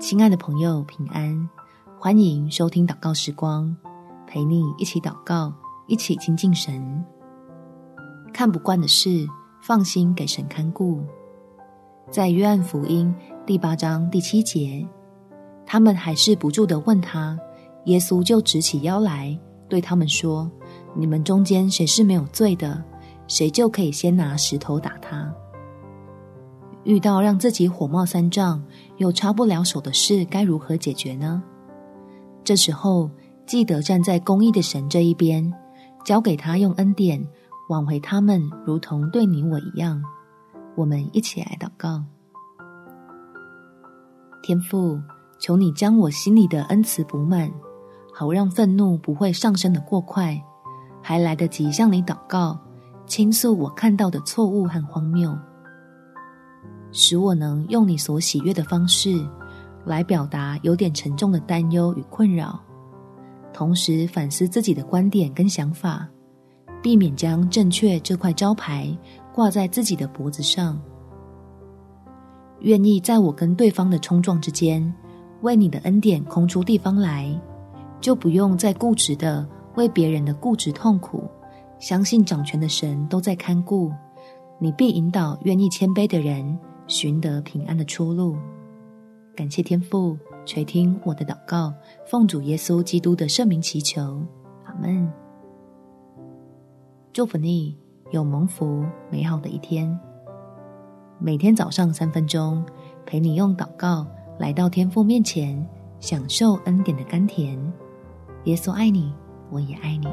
親愛的朋友，平安！歡迎收聽禱告時光，陪你一起禱告，一起親近神。看不慣的事，放心給神看顧。在約翰福音第八章第七節，他們還是不住地問他，耶穌就直起腰來對他們說：“你們中間誰是沒有罪的，誰就可以先拿石頭打她。”遇到讓自己火冒三丈又插不了手的事，該如何解決呢？這時候記得站在公義的神這一邊，交給他用恩典挽回他們，如同對你我一樣。我們一起來禱告：天父，求你將我心裡的恩慈補滿，好讓憤怒不會上升的過快，還來得及向你禱告，傾訴我看到的錯誤和荒謬。使我能用你所喜悅的方式，來表達有點沉重的擔憂與困擾，同時反思自己的觀點跟想法，避免將正確這塊招牌掛在自己的脖子上。願意在我跟對方的衝撞之間，為你的恩典空出地方來，就不用再固執的為別人的固執痛苦。相信掌權的神都在看顧，你必引導願意謙卑的人。尋得平安的出路，感謝天父垂聽我的禱告，奉主耶穌基督的聖名祈求，阿門。祝福你有蒙福美好的一天。每天早上三分鐘，陪你用禱告來到天父面前，享受恩典的甘甜。耶穌愛你，我也愛你。